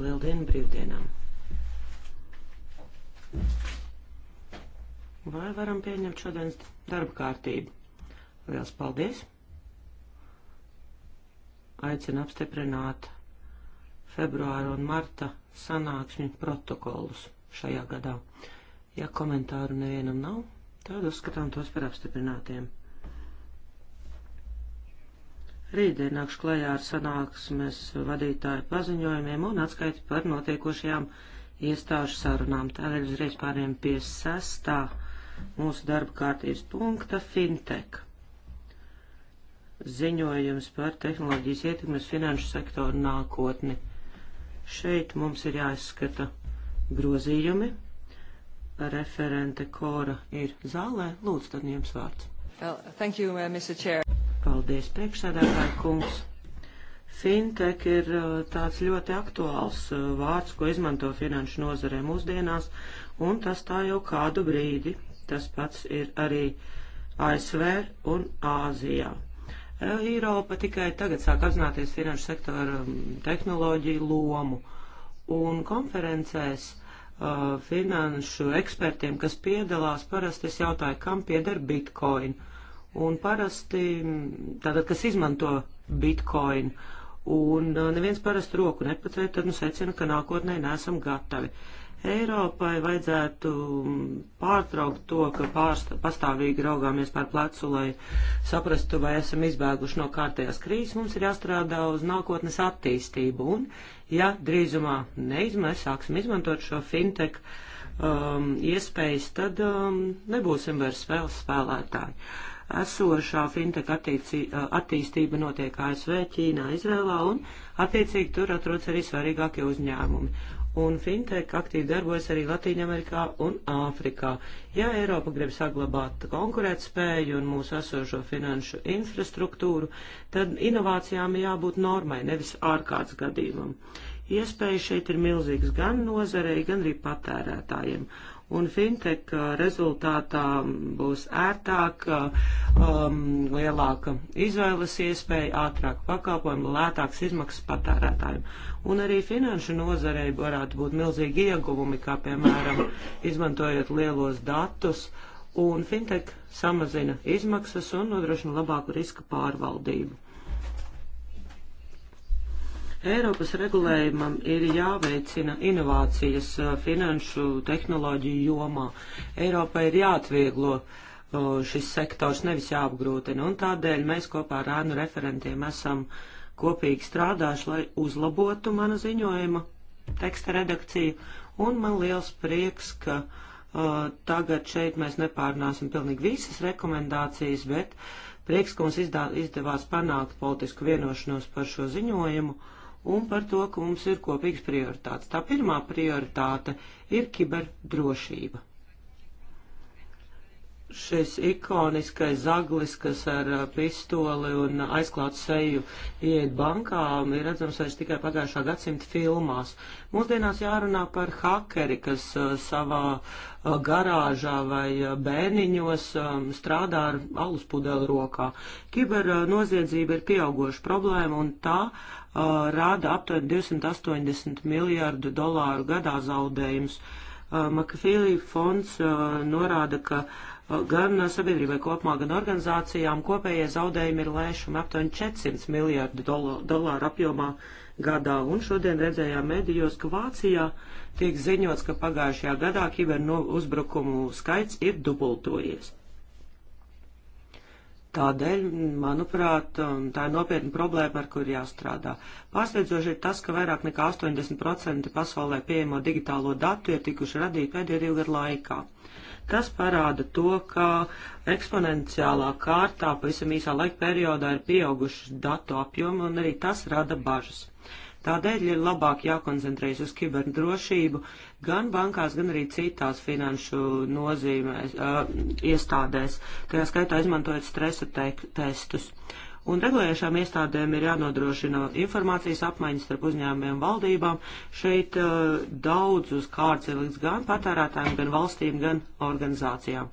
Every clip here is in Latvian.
lieldienu brīvdienām. Vai varam pieņemt šodienas darba kārtību? Liels paldies! Aicinu apstiprināt februāra un marta sanāksmi protokolus šajā gadā. Ja komentāru nevienam nav, tad uzskatām tos par apstiprinātiem. Rītdien nākšu klajā ar sanāksmes vadītāju paziņojumiem un atskaiti par notiekošajām iestāžu sarunām. Tādēļ uzreiz pāriem pie sestā mūsu darba kārtības punkta - fintech. Ziņojums par tehnoloģijas ietekmes finanšu sektoru nākotni. Šeit mums ir jāizskata grozījumi. Referente Kora ir zālē. Lūdzu, tad jums vārds. Well, thank you, uh, Mr. Chair. Paldies, priekšsēdētāji kungs. Fintech ir uh, tāds ļoti aktuāls uh, vārds, ko izmanto finanšu nozarē mūsdienās, un tas tā jau kādu brīdi. Tas pats ir arī ASV un Āzijā. Uh, Eiropa tikai tagad sāk apzināties finanšu sektora um, tehnoloģiju lomu, un konferencēs finanšu ekspertiem, kas piedalās, parasti es jautāju, kam pieder bitkoina un parasti tātad, kas izmanto bitcoin, un uh, neviens parasti roku nepacē, tad nu secina, ka nākotnē nesam gatavi. Eiropai vajadzētu mm, pārtraukt to, ka pārst, pastāvīgi raugāmies pār plecu, lai saprastu, vai esam izbēguši no kārtējās krīzes. Mums ir jāstrādā uz nākotnes attīstību, un ja drīzumā neizmēs, sāksim izmantot šo fintech uh, um, iespējas, tad um, nebūsim vairs vēl spēlētāji. Esošā fintech attīci, uh, attīstība notiek ASV, Ķīnā, Izrēlā un attiecīgi tur atrodas arī svarīgākie uzņēmumi un fintech aktīvi darbojas arī Latīņamerikā un Āfrikā. Ja Eiropa grib saglabāt konkurētspēju un mūsu esošo finanšu infrastruktūru, tad inovācijām jābūt normai, nevis ārkārtas gadījumam. Uh, Iespējas šeit ir milzīgas gan nozarei, gan arī patērētājiem. Un fintech uh, rezultātā būs ērtāk, uh, um, lielāka izvēles iespēja, ātrāk pakalpojumi, lētāks izmaksas patērētājiem. Un arī finanšu nozarei varētu būt milzīgi ieguvumi, kā piemēram izmantojot lielos datus un fintech samazina izmaksas un nodrošina labāku riska pārvaldību. Eiropas regulējumam ir jāveicina inovācijas uh, finanšu tehnoloģiju jomā. Eiropai ir jāatvieglo uh, šis sektors, nevis jāapgrūtina. Un tādēļ mēs kopā ar ēnu referentiem esam kopīgi strādājuši, lai uzlabotu mana ziņojuma teksta redakciju. Un man liels prieks, ka uh, tagad šeit mēs nepārnāsim pilnīgi visas rekomendācijas, bet prieks, ka mums izdā, izdevās panākt politisku vienošanos par šo ziņojumu. Uh, un par to, ka mums ir kopīgs prioritāts. Tā pirmā prioritāte ir kiberdrošība šis ikoniskais zaglis, kas ar pistoli un aizklātu seju iet bankā, ir redzams vairs tikai pagājušā gadsimta filmās. Mūsdienās jārunā par hakeri, kas savā garāžā vai bērniņos strādā ar alus pudeli rokā. Kiber noziedzība ir pieaugoša problēma un tā rāda aptuveni 280 miljārdu dolāru gadā zaudējums. Makafīlī fonds norāda, ka uh, gan sabiedrībai kopumā, gan organizācijām kopējie zaudējumi ir lēšami aptuveni 400 miljārdu dolāru apjomā gadā. Un šodien redzējām medijos, ka Vācijā tiek ziņots, ka pagājušajā gadā kiber uzbrukumu skaits ir dubultojies. Tādēļ, manuprāt, um, tā ir nopietna problēma, ar kur jāstrādā. Pārsteidzoši ir tas, ka vairāk nekā 80% pasaulē pieejamo digitālo datu ir tikuši radīti pēdējo divu gadu laikā. Tas parāda to, ka eksponenciālā kārtā pavisam īsā laika periodā ir pieauguši datu apjomi un arī tas rada bažas. Tādēļ ir labāk jākoncentrējas uz kiberdrošību gan bankās, gan arī citās finanšu nozīmēs, uh, iestādēs, tajā skaitā izmantojot stresa te testus. Uh, un regulējušām iestādēm ir jānodrošina informācijas apmaiņas starp uzņēmumiem un valdībām. Šeit uh, daudz uz kārts ir liks gan patērētājiem, gan valstīm, gan organizācijām.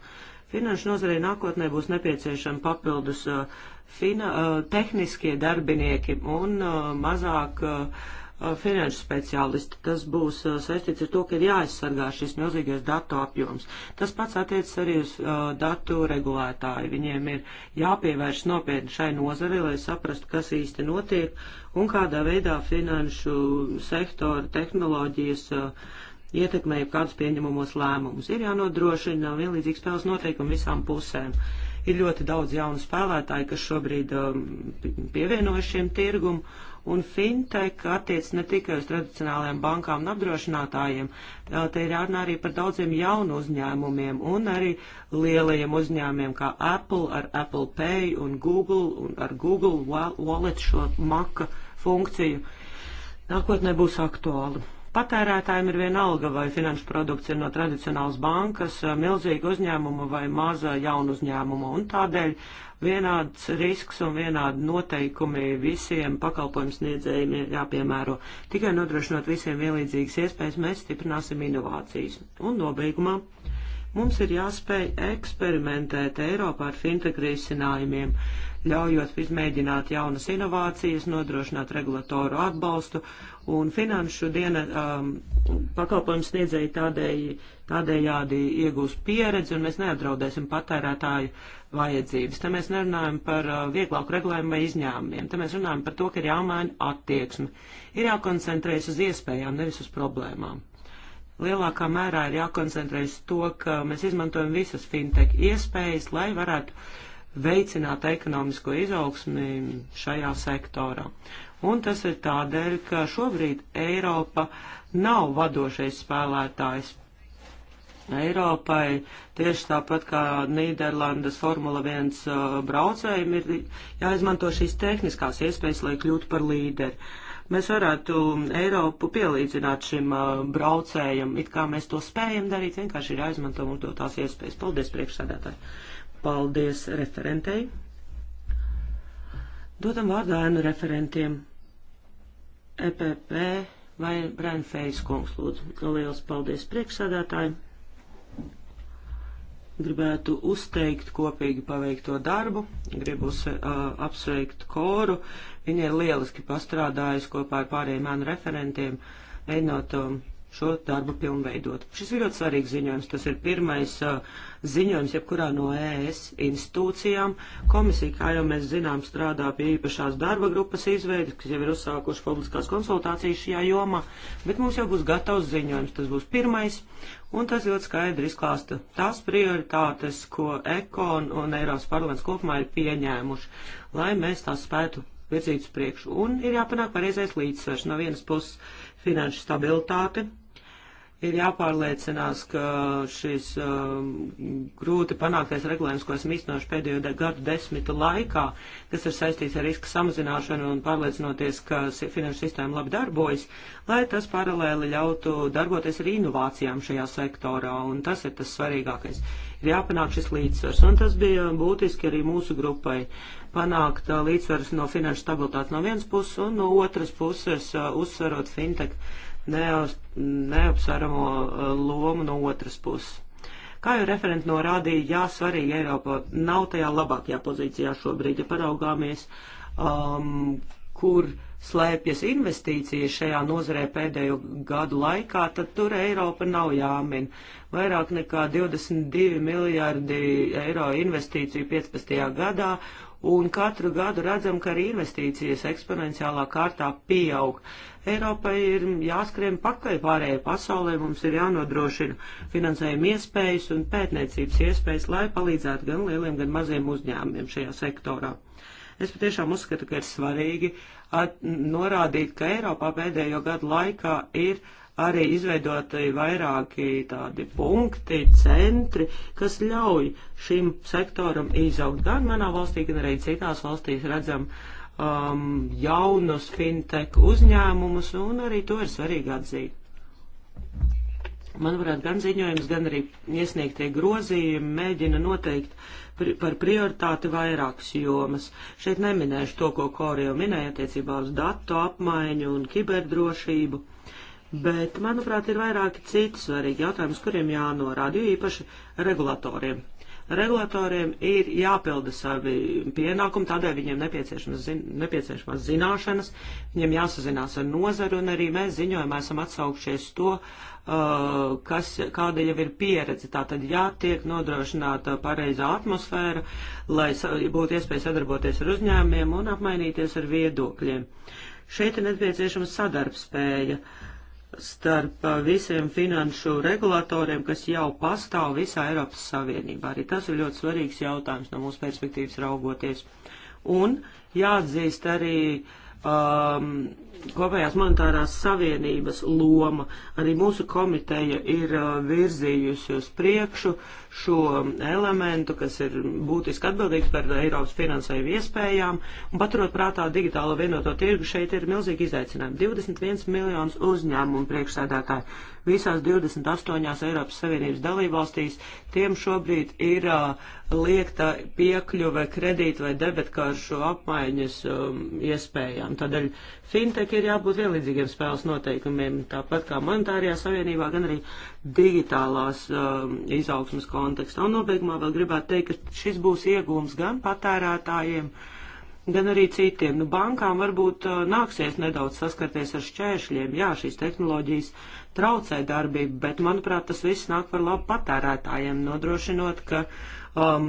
Finanšu nozarei nākotnē būs nepieciešama papildus uh, fina, uh, tehniskie darbinieki un uh, mazāk. Uh, Uh, finanšu speciālisti. Tas būs uh, saistīts ar to, ka ir jāaizsargā šis milzīgais datu apjoms. Tas pats attiecas arī uz uh, datu regulētāju. Viņiem ir jāpievērš nopietni šai nozarei, lai saprastu, kas īsti notiek un kādā veidā finanšu sektora tehnoloģijas ietekmē kādus pieņemamos lēmumus. Ir jānodrošina vienlīdzīgs spēles noteikumi visām pusēm ir ļoti daudz jaunu spēlētāju, kas šobrīd um, pievienojas šiem tirgum, Un fintech attiec ne tikai uz tradicionālajām bankām un apdrošinātājiem, te ir jārunā arī par daudziem jaunu uzņēmumiem un arī lielajiem uzņēmumiem kā Apple ar Apple Pay un Google un ar Google Wallet šo maka funkciju. Nākotnē būs aktuāli. Patērētājiem ir vienalga, vai finanšu produkts ir no tradicionālas bankas, milzīga uzņēmuma vai maza jauna uzņēmuma, un tādēļ vienāds risks un vienādi noteikumi visiem pakalpojumu sniedzējiem ir jāpiemēro. Tikai nodrošinot visiem vienlīdzīgas iespējas, mēs stiprināsim inovācijas. Un nobeigumā mums ir jāspēj eksperimentēt Eiropā ar fintech risinājumiem ļaujot izmēģināt jaunas inovācijas, nodrošināt regulatoru atbalstu un finanšu diena um, pakalpojums sniedzēji tādēļ, tādējādi iegūs pieredzi un mēs neapdraudēsim patērētāju vajadzības. Te mēs nerunājam par uh, vieglāku regulējumu vai izņēmumiem, te mēs runājam par to, ka ir jāmaina attieksme, ir jākoncentrējas uz iespējām, nevis uz problēmām. Lielākā mērā ir jākoncentrējas to, ka mēs izmantojam visas fintech iespējas, lai varētu uh, veicināt ekonomisko izaugsmi šajā sektorā. Un tas ir tādēļ, ka šobrīd Eiropa nav vadošais spēlētājs. Eiropai tieši tāpat kā Nīderlandes Formula 1 uh, braucējiem ir jāizmanto šīs tehniskās iespējas, lai kļūtu par līderi. Mēs varētu Eiropu pielīdzināt šim uh, braucējam, it kā mēs to spējam darīt, vienkārši ir jāizmanto mums dotās iespējas. Paldies, priekšsēdētāji! Paldies referentei. Dodam vārdu ēnu referentiem. EPP vai Brian Fejs kungs, lūdzu. Liels paldies priekšsādātāji. Gribētu uzteikt kopīgi paveikto darbu, gribu uh, apsveikt koru. Viņa ir lieliski pastrādājusi kopā ar pārējiem ēnu referentiem, mēģinot um, šo darbu pilnveidot. Šis ir ļoti svarīgs ziņojums. Tas ir pirmais uh, ziņojums jebkurā no ES institūcijām. Komisija, kā jau mēs zinām, strādā pie īpašās darba grupas izveidas, kas jau ir uzsākuši publiskās konsultācijas šajā jomā, bet mums jau būs gatavs ziņojums. Tas būs pirmais, un tas ļoti skaidri izklāsta tās prioritātes, ko Ekon un Eiropas parlaments kopumā ir pieņēmuši, lai mēs tās spētu virzīt uz priekšu. Un ir jāpanāk pareizais līdzsvars no vienas puses finanšu stabilitāti ir jāpārliecinās, ka šis um, grūti panāktais regulējums, ko esam īstenojuši pēdējo de gadu desmitu laikā, kas ir saistīts ar riska samazināšanu un pārliecinoties, ka finanšu sistēma labi darbojas, lai tas paralēli ļautu darboties ar inovācijām šajā sektorā, un tas ir tas svarīgākais. Ir jāpanāk šis līdzsvars, un tas bija būtiski arī mūsu grupai panākt uh, līdzsvars no finanšu stabilitātes no vienas puses, un no otras puses uh, uzsverot fintech neaz, neapsveramo uh, lomu no otras puses. Kā jau referenti norādīja, jā, svarīgi Eiropa nav tajā labākajā pozīcijā šobrīd, ja paraugāmies, um, kur slēpjas investīcijas šajā nozarē pēdējo gadu laikā, tad tur Eiropa nav jāmin. Vairāk nekā 22 miljārdi eiro investīciju 15. gadā, un katru gadu redzam, ka arī investīcijas eksponenciālā kārtā pieaug. Eiropai ir jāskrien pakaļ pārējai pasaulē, mums ir jānodrošina finansējuma iespējas un pētniecības iespējas, lai palīdzētu gan lieliem, gan maziem uzņēmumiem šajā sektorā. Es patiešām uzskatu, ka ir svarīgi at, norādīt, ka Eiropā pēdējo gadu laikā ir arī izveidoti vairāki tādi punkti, centri, kas ļauj šim sektoram izaugt gan manā valstī, gan arī citās valstīs redzam uh, um, jaunus fintech uzņēmumus, un arī to ir svarīgi atzīt. Manuprāt, gan ziņojums, gan arī iesniegtie grozījumi mēģina noteikt pri par prioritāti vairākas jomas. Šeit neminēšu to, ko Kori jau minēja attiecībā uz datu apmaiņu un kiberdrošību, bet, manuprāt, ir vairāki citi svarīgi jautājumi, kuriem jānorāda, jo īpaši regulatoriem Regulatoriem ir jāpilda savi pienākumi, tādēļ viņiem nepieciešamas, zin, nepieciešamas zināšanas, viņiem jāsazinās ar nozaru, un arī mēs ziņojumā esam atsaukšies to, uh, kas, kāda jau ir pieredze. Tātad jātiek nodrošināta pareizā atmosfēra, lai būtu iespēja sadarboties ar uzņēmumiem un apmainīties ar viedokļiem. Šeit ir nepieciešama sadarbspēja. Uh, starp visiem finanšu regulatoriem, kas jau pastāv visā Eiropas Savienībā. Arī tas ir ļoti svarīgs jautājums no mūsu perspektīvas raugoties. Un jāatzīst arī um, kopējās monetārās savienības loma. Arī mūsu komiteja ir uh, virzījusi uz priekšu šo elementu, kas ir būtiski atbildīgs par Eiropas finansējumu iespējām. Un paturot prātā digitālo vienoto tirgu, šeit ir milzīgi izaicinājumi. 21 miljonus uzņēmumu priekšsēdētāji visās 28 Eiropas Savienības dalībvalstīs. Tiem šobrīd ir uh, liekta piekļuve kredīt vai debetkāršu apmaiņas um, iespējām. Tādēļ Fintech ir jābūt vienlīdzīgiem spēles noteikumiem, tāpat kā monetārajā savienībā, gan arī digitālās um, izaugsmas kontekstā. Un nobeigumā vēl gribētu teikt, ka šis būs iegūms gan patērētājiem, uh, gan arī citiem. Nu, bankām varbūt uh, nāksies nedaudz saskarties ar šķēršļiem. Jā, šīs tehnoloģijas traucē darbību, bet, manuprāt, tas viss nāk par labu patērētājiem, nodrošinot, ka um,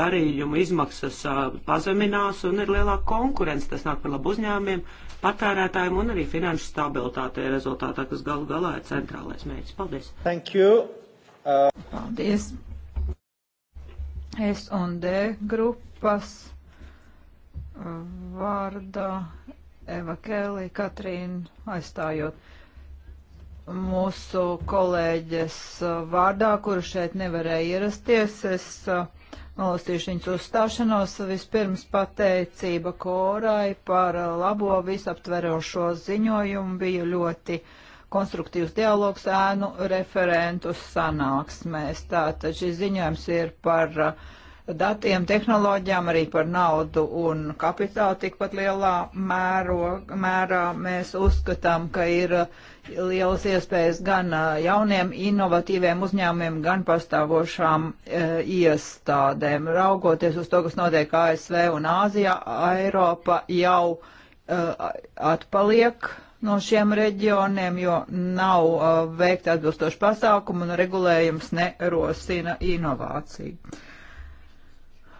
darījumu izmaksas uh, pazeminās un ir lielāka konkurence. Tas nāk par labu uzņēmumiem, patērētājiem un arī finanšu stabilitātei rezultātā, kas galu galā ir centrālais mērķis. Paldies! Thank you! Uh... Paldies! S un D grupas vārdā Eva Kēlī, Katrīna aizstājot mūsu kolēģes vārdā, kuru šeit nevarēja ierasties. Es uh, nolasīšu viņas uzstāšanos. Vispirms pateicība Korai par uh, labo visaptverošo ziņojumu bija ļoti konstruktīvs dialogs ēnu referentu sanāksmēs. Tātad šis ziņojums ir par uh, datiem, tehnoloģijām, arī par naudu un kapitālu tikpat lielā mēro, mērā mēs uzskatām, ka ir lielas iespējas gan jauniem inovatīviem uzņēmumiem, gan pastāvošām e, iestādēm. Raugoties uz to, kas notiek ASV un Āzijā, Eiropa jau e, atpaliek no šiem reģioniem, jo nav uh, veikta atbilstoši pasākumu un regulējums nerosina inovāciju.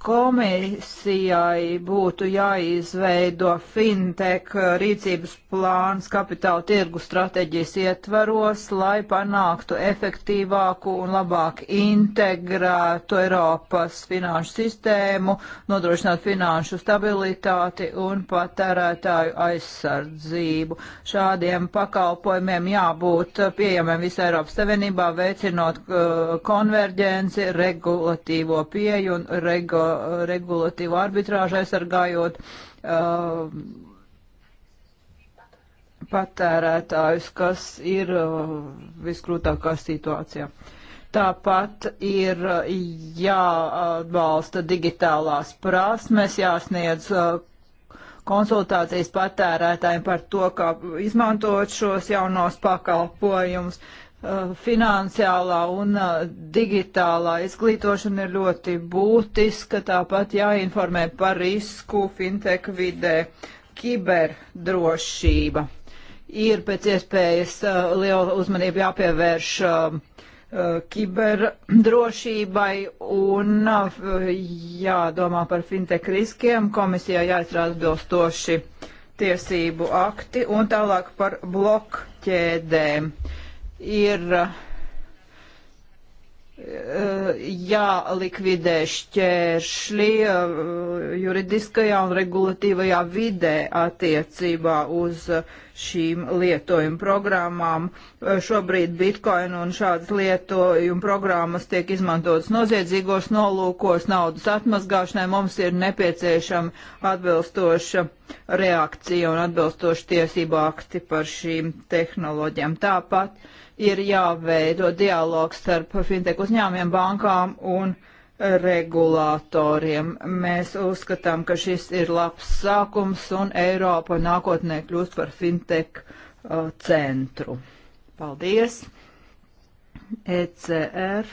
Komisijai būtu jāizveido fintech rīcības plāns kapitāla tirgu stratēģijas ietvaros, lai panāktu efektīvāku un labāk integrētu Eiropas finanšu sistēmu, nodrošinātu finanšu stabilitāti un patērētāju aizsardzību. Šādiem pakalpojumiem jābūt pieejamiem visā Eiropas Savienībā, veicinot uh, konverģenci, regulatīvo pieju un regulatīvo regulatīvu arbitrāžu aizsargājot uh, patērētājus, kas ir uh, viskrūtākā situācijā. Tāpat ir uh, jāatbalsta digitālās prasmes, jāsniedz konsultācijas patērētājiem par to, kā izmantot šos jaunos pakalpojumus. Eh, finansiālā un eh, digitālā izglītošana ir ļoti būtiska, tāpat jāinformē par risku fintech vidē, kiberdrošība. Ir pēc iespējas eh, liela uzmanība jāpievērš kiberdrošībai un jādomā par fintech riskiem. Komisijā jāizstrāda bilstoši tiesību akti un tālāk par blokķēdēm. Uh, ir eh, jālikvidē šķēršļi eh, juridiskajā un regulatīvajā vidē attiecībā uz uh, šīm lietojuma programmām. Šobrīd bitcoin un šādas lietojuma programmas tiek izmantotas noziedzīgos nolūkos, naudas atmazgāšanai. Mums ir nepieciešama atbilstoša reakcija un atbilstoši tiesību akti par šīm tehnoloģijām. Tāpat ir jāveido dialogs starp fintech uzņēmiem, bankām un uh, regulātoriem. Mēs uzskatām, ka šis ir labs sākums un Eiropa nākotnē kļūst par fintech uh, centru. Paldies! ECR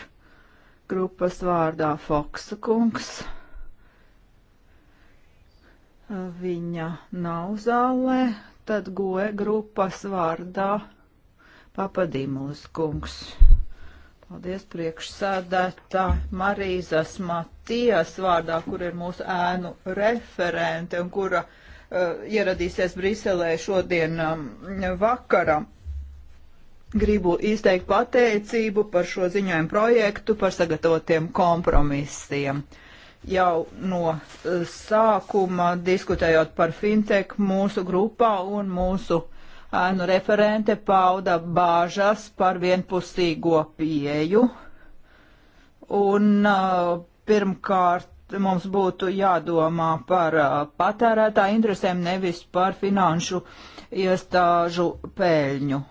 grupas vārdā Foksa kungs. Viņa nav zālē, tad goe grupas vārdā Papadimulis kungs. Paldies priekšsādātā Marīzas Matijas vārdā, kur ir mūsu ēnu referente un kura uh, ieradīsies Briselē šodien um, vakarā. Gribu izteikt pateicību par šo ziņojumu projektu, par sagatavotiem kompromisiem. Jau no uh, sākuma diskutējot par fintech mūsu grupā un mūsu uh, ēnu referente pauda bāžas par vienpusīgo pieju. Un uh, pirmkārt mums būtu jādomā par uh, patērētā interesēm, nevis par finanšu iestāžu pēļņu.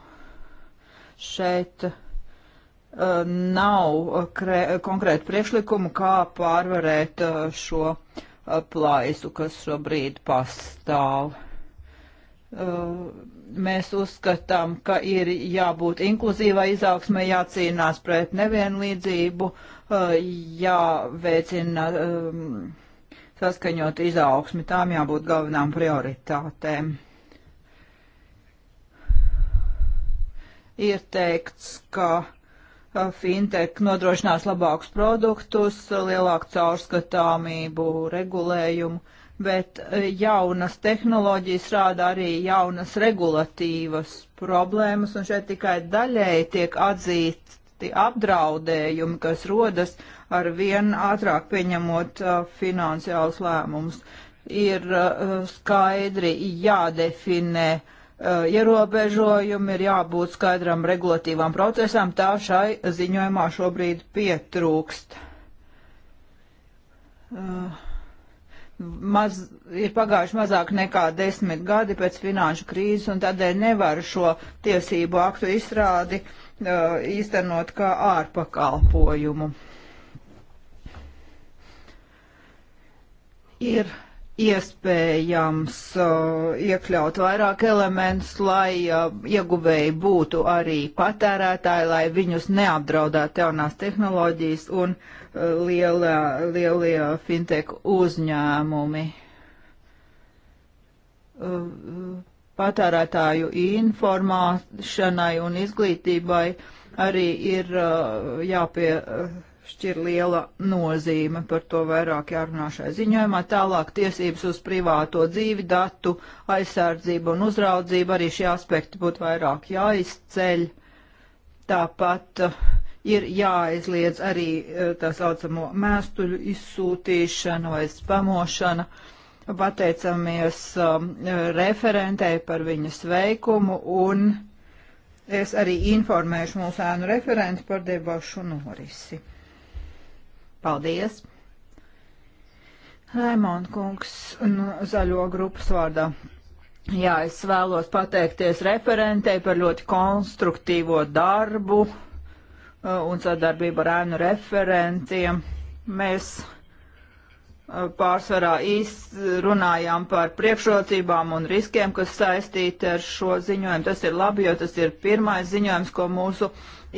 Šeit uh, nav konkrēti priekšlikumu, kā pārvarēt šo plaisu, kas šobrīd pastāv. Uh, mēs uzskatām, ka ir jābūt inkluzīvai izaugsmē, jācīnās pret nevienlīdzību, eh, jāveicina ehm, saskaņot izaugsmi, tām jābūt galvenām prioritātēm. Ir teikts, ka eh, fintech nodrošinās labākus produktus, lielāku caurskatāmību, regulējumu bet e, jaunas tehnoloģijas rāda arī jaunas regulatīvas problēmas, un šeit tikai daļēji tiek atzīti apdraudējumi, kas rodas ar vien ātrāk pieņemot uh, finansiālus lēmumus. Ir uh, skaidri jādefinē uh, ierobežojumi, ir jābūt skaidram regulatīvām procesām, tā šai ziņojumā šobrīd pietrūkst. Uh maz, ir pagājuši mazāk nekā desmit gadi pēc finanšu krīzes, un tādēļ nevar šo tiesību aktu izstrādi uh, īstenot kā ārpakalpojumu. Ir iespējams uh, iekļaut vairāk elementus, lai uh, ieguvēji būtu arī patērētāji, lai viņus neapdraudētu jaunās tehnoloģijas un uh, lielā, lielie fintech uzņēmumi. Patērētāju informāšanai un izglītībai arī ir uh, jāpiešķir liela nozīme, par to vairāk jārunā šai ziņojumā. Tālāk tiesības uz privāto dzīvi, datu aizsardzību un uzraudzību, arī šie aspekti būtu vairāk jāizceļ. Tāpat uh, ir jāaizliedz arī e, tā saucamo mēstuļu izsūtīšana vai spamošana. Pateicamies um, e, referentei par viņas veikumu un es arī informēšu mūsu ēnu referentu par debašu norisi. Paldies! Raimond kungs nu, zaļo grupas vārdā. Jā, es vēlos pateikties referentei par ļoti konstruktīvo darbu Uh, un sadarbību ar ēnu referentiem. Mēs uh, pārsvarā runājām par priekšrocībām un riskiem, kas saistīti ar šo ziņojumu. Tas ir labi, jo tas ir pirmais ziņojums, ko mūsu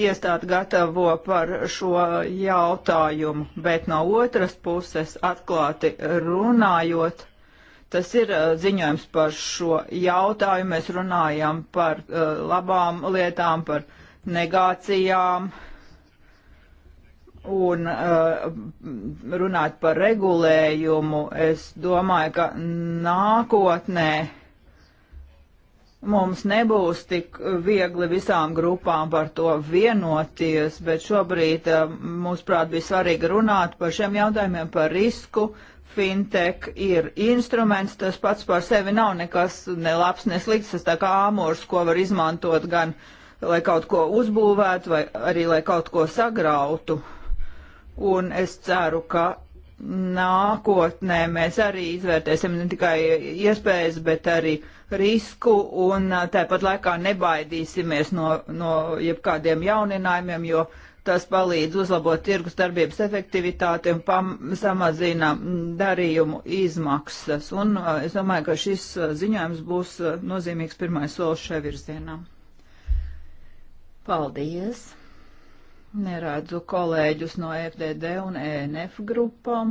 iestāde gatavo par šo jautājumu. Bet no otras puses, atklāti runājot, tas ir uh, ziņojums par šo jautājumu. Mēs runājam par uh, labām lietām, par negācijām. Uh, un uh, runāt par regulējumu, es domāju, ka nākotnē mums nebūs tik viegli visām grupām par to vienoties, bet šobrīd, uh, mūsuprāt, bija svarīgi runāt par šiem jautājumiem, par risku. Fintech ir instruments, tas pats par sevi nav nekas ne labs, ne slikts, tas tā kā āmurs, ko var izmantot gan, lai kaut ko uzbūvētu, vai arī, lai kaut ko sagrautu. Uh, un es ceru, ka nākotnē mēs arī izvērtēsim ne tikai iespējas, bet arī risku un uh, tāpat laikā nebaidīsimies no, no jebkādiem jauninājumiem, jo tas palīdz uzlabot tirgus darbības efektivitāti un pam, samazina mm, darījumu izmaksas. Un uh, es domāju, ka šis uh, ziņojums būs nozīmīgs pirmais solis šajā virzienā. Paldies! Neredzu kolēģus no FDD un ENF grupām.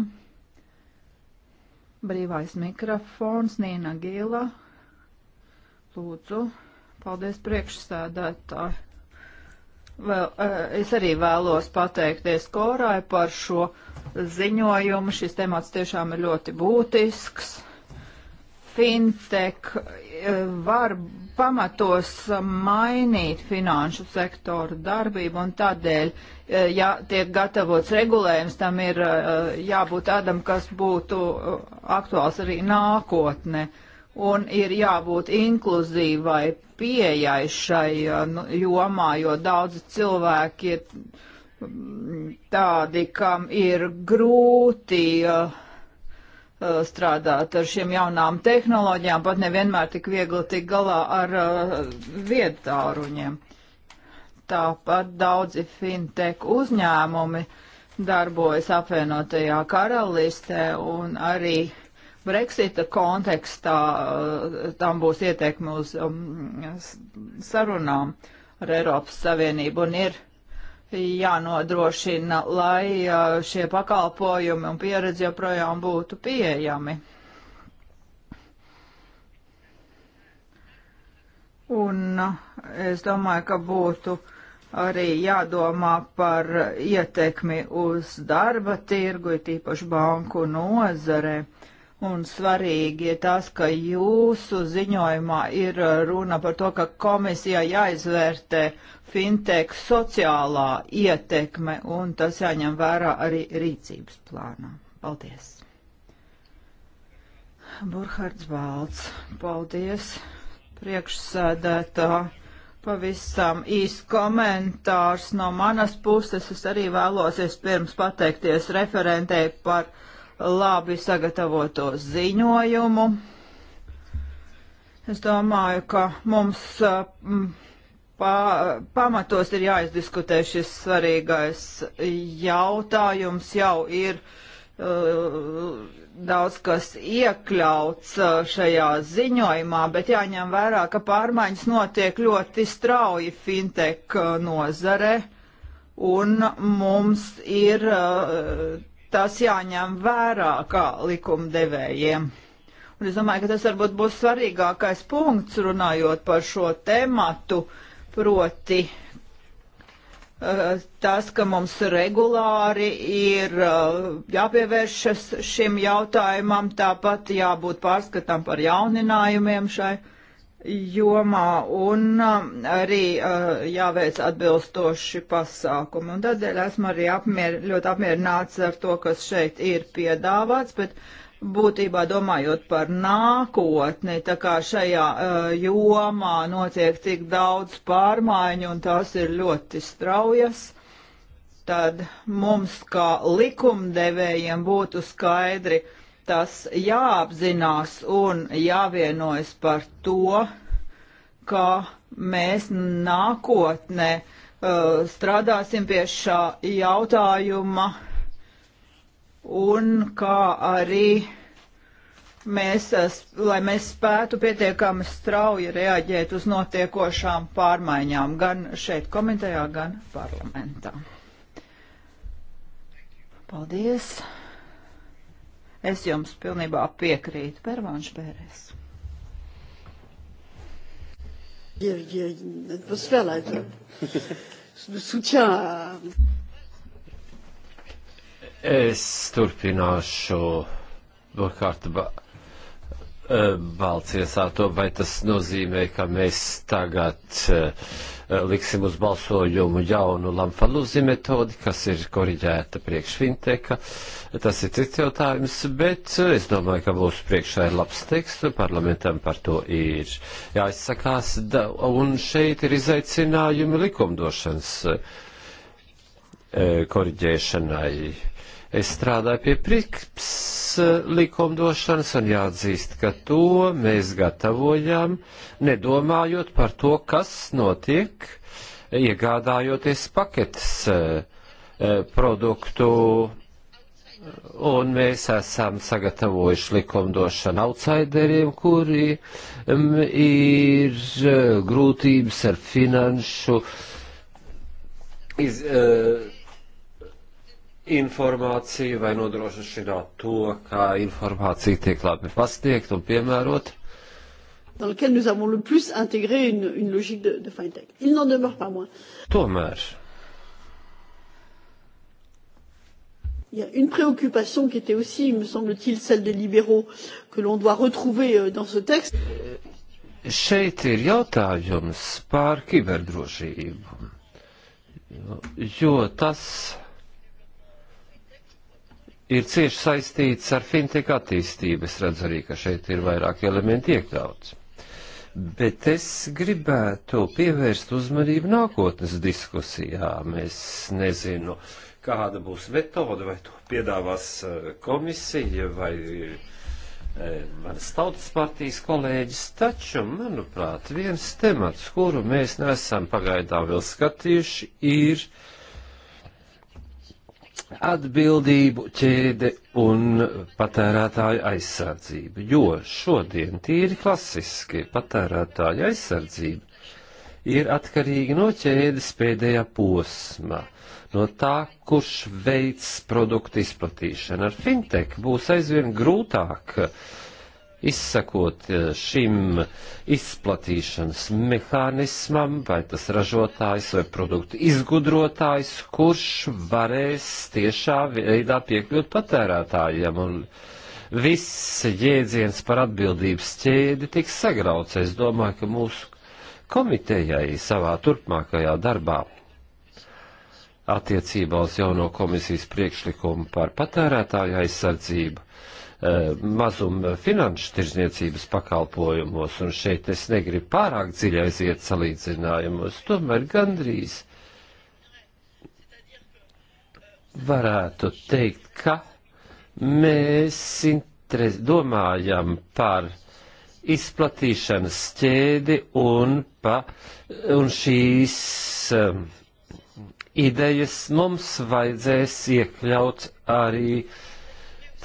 Brīvais mikrofons, Nīna Gīla. Lūdzu, paldies priekšsēdētāji. Vēl, eh, es arī vēlos pateikties Korai par šo ziņojumu. Šis temats tiešām ir ļoti būtisks. Fintech eh, var pamatos mainīt finanšu sektoru darbību un tādēļ, eh, ja tiek gatavots regulējums, tam ir eh, jābūt tādam, kas būtu eh, aktuāls arī nākotne un ir jābūt inkluzīvai pieejai šai nu, jomā, jo daudzi cilvēki ir mm, tādi, kam ir grūti uh, Uh, strādāt ar šiem jaunām tehnoloģijām, pat nevienmēr tik viegli tik galā ar uh, viedtāruņiem. Tāpat daudzi fintech uzņēmumi darbojas apvienotajā karalistē un arī Brexita kontekstā uh, tam būs ietekme uz um, sarunām ar Eiropas Savienību un ir jānodrošina, lai šie pakalpojumi un pieredze joprojām būtu pieejami. Un es domāju, ka būtu arī jādomā par ietekmi uz darba tirgu, it īpaši banku nozare. No Un svarīgi ir tas, ka jūsu ziņojumā ir uh, runa par to, ka komisijā jāizvērtē fintech sociālā ietekme, un tas jāņem vērā arī rīcības plānā. Paldies! Burhards Valds, paldies! Priekšsēdētā pavisam īs komentārs no manas puses. Es arī vēlos vispirms pateikties referentei par labi sagatavoto ziņojumu. Es domāju, ka mums pa, pamatos ir jāizdiskutē šis svarīgais jautājums. Jau ir uh, daudz kas iekļauts šajā ziņojumā, bet jāņem vērā, ka pārmaiņas notiek ļoti strauji fintech nozare. Un mums ir uh, tas jāņem vērā kā likumdevējiem. Un es domāju, ka tas varbūt būs svarīgākais punkts runājot par šo tematu, proti eh, tas, ka mums regulāri ir eh, jāpievēršas šim jautājumam, tāpat jābūt pārskatām par jauninājumiem šai jomā un um, arī uh, jāveic atbilstoši pasākumi. Un tādēļ esmu arī apmier, ļoti apmierināts ar to, kas šeit ir piedāvāts, bet būtībā domājot par nākotni, tā kā šajā uh, jomā notiek tik daudz pārmaiņu un tās ir ļoti straujas, tad mums kā likumdevējiem būtu skaidri, uh, tas jāapzinās un jāvienojas par to, ka mēs nākotnē uh, strādāsim pie šā jautājuma un kā arī mēs, uh, lai mēs spētu pietiekami strauji reaģēt uz notiekošām pārmaiņām gan šeit komitejā, gan parlamentā. Paldies! Es jums pilnībā piekrītu, Pervāns Pērēs. Dieu, Dieu, l'atmosphère là, le soutien à. Es turpināšu Burkhārta balts iesāto, vai tas nozīmē, ka mēs tagad eh, liksim uz balsojumu jaunu lamfaluzi metodi, kas ir koriģēta priekš finteka. Tas ir cits jautājums, bet es domāju, ka mūsu priekšā ir labs teksts un parlamentam par to ir jāizsakās. Un šeit ir izaicinājumi likumdošanas eh, koriģēšanai Es strādāju pie priks eh, likumdošanas un jāatzīst, ka to mēs gatavojām, nedomājot par to, kas notiek, iegādājoties paketes eh, eh, produktu Un mēs esam sagatavojuši likumdošanu outsideriem, kuri um, ir uh, grūtības ar finanšu iz, uh, informāciju vai nodrošināt to, kā informācija tiek labi pasniegt un piemērot. Dans lequel nous avons le plus intégré une, une logique de, de fintech. Il n'en demeure pas moins. Tomēr. Il y a une préoccupation qui était aussi, me semble-t-il, celle des libéraux que l'on doit retrouver euh, dans ce texte. Šeit ir jautājums par kiberdrošību, jo tas ir cieši saistīts ar fintech attīstību. Es redzu arī, ka šeit ir vairāk elementi iekļauts. Bet es gribētu pievērst uzmanību nākotnes diskusijām. Es nezinu, kāda būs metode, vai to piedāvās eh, komisija vai eh, manas tautas partijas kolēģis, taču, manuprāt, viens temats, kuru mēs nesam pagaidām vēl skatījuši, ir atbildību ķēde un patērētāju aizsardzība, jo šodien tīri klasiski patērētāju aizsardzība ir atkarīga no ķēdes pēdējā posma, no tā, kurš veids produktu izplatīšanu. Ar fintech būs aizvien grūtāk uh, izsakot eh, šim izplatīšanas mehānismam, vai tas ražotājs vai produktu izgudrotājs, kurš varēs tiešā veidā piekļūt patērētājiem. Un viss jēdziens par atbildības ķēdi tiks sagrauts. Es domāju, ka mūsu komitejai savā turpmākajā darbā attiecībā uz jauno komisijas priekšlikumu par patērētāju aizsardzību Eh, mazuma finanšu tirzniecības pakalpojumos, un šeit es negribu pārāk dziļi aiziet salīdzinājumus, tomēr gandrīz varētu teikt, ka mēs interes, domājam par izplatīšanas ķēdi un, pa, un šīs um, idejas mums vajadzēs iekļaut arī uh,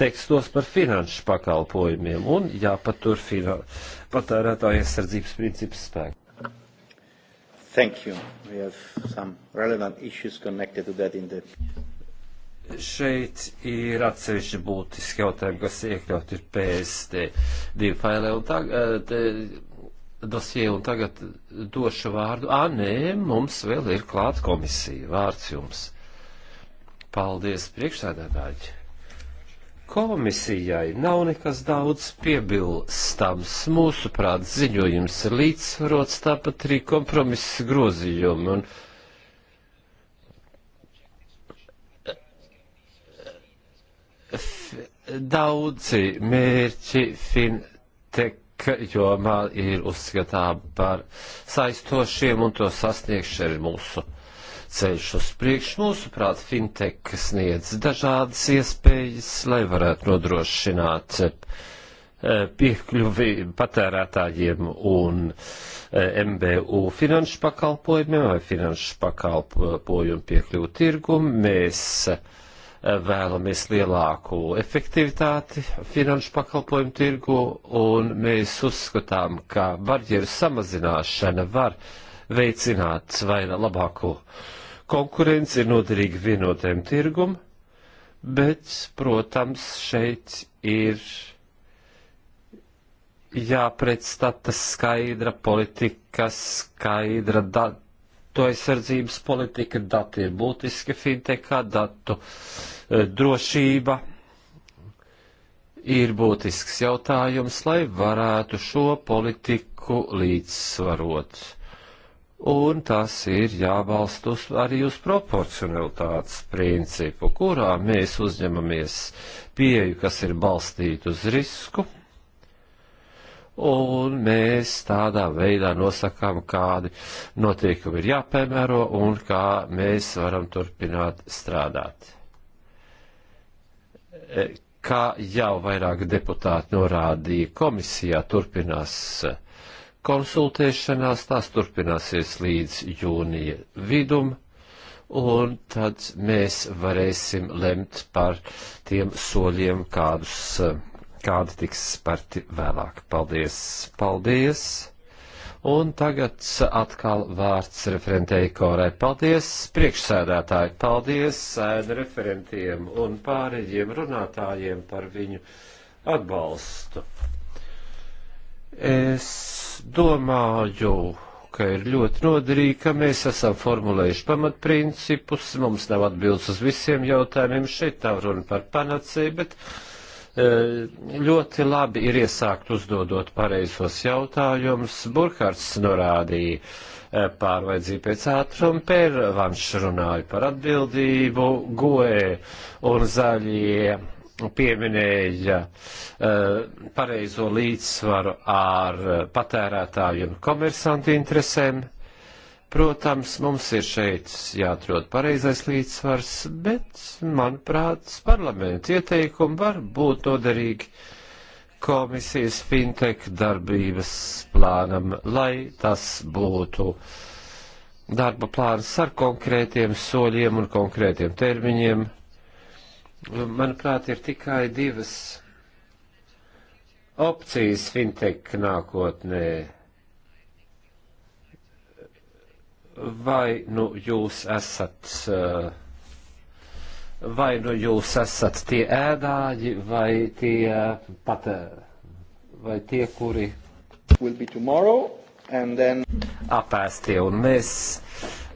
tekstos par finanšu pakalpojumiem un jāpatur fina, patērētāju aizsardzības princips spēku. Thank you. We have some relevant issues connected to that in the šeit ir atsevišķi būtiski jautājumi, kas iekļaut ir PSD divi failē un tagad eh, dosie un tagad došu vārdu. Ā, nē, mums vēl ir klāt komisija. Vārds jums. Paldies, priekšsēdētāji. Komisijai nav nekas daudz piebilstams. Mūsuprāt, ziņojums ir līdzsvarots, tāpat arī kompromiss grozījumi. Un, eh, daudzi mērķi fintech jomā ir uzskatām par saistošiem un to sasniegšana ir mūsu ceļš uz priekšu. Mūsuprāt, fintech sniedz dažādas iespējas, lai varētu nodrošināt eh, piekļuvi patērētājiem un eh, MBU finanšu pakalpojumiem vai finanšu pakalpojumu piekļuvu tirgumu. Mēs eh, vēlamies lielāku efektivitāti finanšu pakalpojumu tirgu, un mēs uzskatām, ka barjeru samazināšana var veicināt vai labāku uh, konkurence ir noderīga vienotēm tirgum, bet, protams, šeit ir jāpredstata skaidra politika, skaidra datu aizsardzības politika, dati ir būtiski fintechā, datu e, drošība ir būtisks jautājums, lai varētu šo politiku līdzsvarot un tas ir jābalst uz, arī uz proporcionalitātes principu, kurā mēs uzņemamies pieju, kas ir balstīta uz risku, un mēs tādā veidā nosakām, kādi notiekumi ir jāpiemēro un kā mēs varam turpināt strādāt. E, kā jau vairāk deputāti norādīja, komisijā turpinās konsultēšanās tās turpināsies līdz jūnija vidum, un tad mēs varēsim lemt par tiem soļiem, kādus, kādi tiks sparti vēlāk. Paldies! Paldies! Un tagad atkal vārds referentei Korai. Paldies, priekšsēdētāji, paldies sēdu referentiem un pārējiem runātājiem par viņu atbalstu. Es domāju, ka ir ļoti noderīgi, ka mēs esam formulējuši pamatprincipus, mums nav atbildes uz visiem jautājumiem, šeit nav runa par panacēju, bet e, ļoti labi ir iesākt uzdodot pareizos jautājumus. Burkhards norādīja e, pārvaidzību pēc ātruma, Pērvanš runāja par atbildību, Goe un Zaļie pieminēja eh, pareizo līdzsvaru ar eh, patērētāju un komersantu interesēm. Protams, mums ir šeit jāatrod pareizais līdzsvars, bet, manuprāt, parlamenta ieteikumi var būt noderīgi komisijas fintech darbības plānam, lai tas būtu darba plāns ar konkrētiem soļiem un konkrētiem termiņiem manuprāt, ir tikai divas opcijas fintech nākotnē. Vai nu jūs esat uh, vai nu jūs esat tie ēdāji, vai tie pat, uh, vai tie, kuri tomorrow, then... apēstie, un mēs